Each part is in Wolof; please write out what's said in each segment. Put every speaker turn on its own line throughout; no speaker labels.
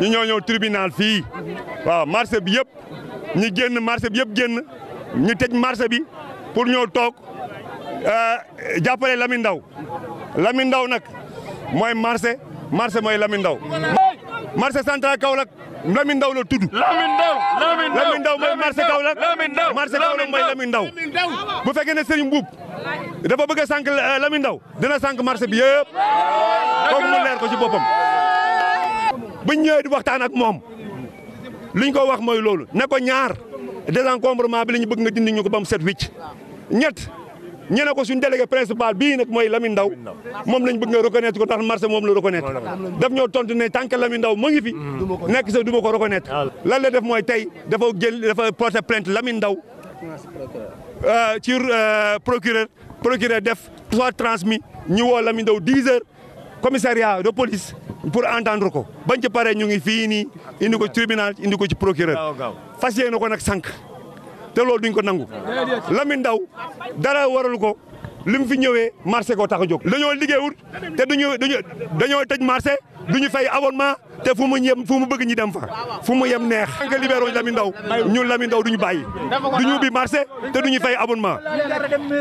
ñu ñoo ñëw tribunal fii waaw marché bi yëpp ñu génn marché bi yëpp génn ñu tej marché bi pour ñoo toog euh, jàppale Lamine Ndao Lamine Ndao nag mooy marché marché mooy Lamine Ndao marché kaw Kaolack Lamine Ndao la tudd. Lamine Ndao Lamine Ndao mooy marché Kaolack marché Kaolack mooy Lamine Ndao bu fekkee ne Serigne Mboup dafa bëgg a sànq euh, Lamine Ndao dina sànq marché bi yëpp comme mu ko ci boppam. bu ñëwee di waxtaan ak moom lu ñu ko wax mooy loolu ne ko ñaar désencombrement bi la ñu bëgg nga dindi ñu ko ba mu set wicc ñett ñu ne ko suñu délégué principal bii nag mooy Lamine Ndaw moom lañ bëgg nga reconnaître ko ndax marché moom la reconnaître daf ñoo tontu ne tant que Lamine Ndaw mu ngi fi nekk sa du ma ko reconnaître lan def mooy tey dafa jël dafa porter plainte Lamine Ndaw euh, ci euh, procureur procureur def soit transmis ñu woo Lamine Ndaw 10 heures commissariat de police pour entendre ko bañ ci paree ñu ngi fii nii indi ko tribunal indi ko ci procureur fas yéene ko nag sànq te loolu duñ ko nangu Lamine Ndaw dara waral ko li mu fi ñëwee marché koo tax a jóg dañoo liggéeyul te duñu duñu dañoo tëj marché duñu fay abonnement te fu mu yem fu mu bëgg ñi dem fa fu mu yem neex tant que libéré Lamine Ndao ñun Lamine Ndao duñu bàyyi duñu ubbi marché te duñu fay abonnement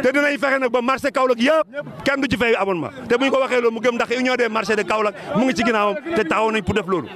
te dinañ fexe nag ba marché Kaolack yëpp kenn du ci fay abonnement te bu ñu ko waxee loolu mu gëm ndax union des marchés de Kaolack mu ngi ci ginnaawam te taxaw nañ pour def loolu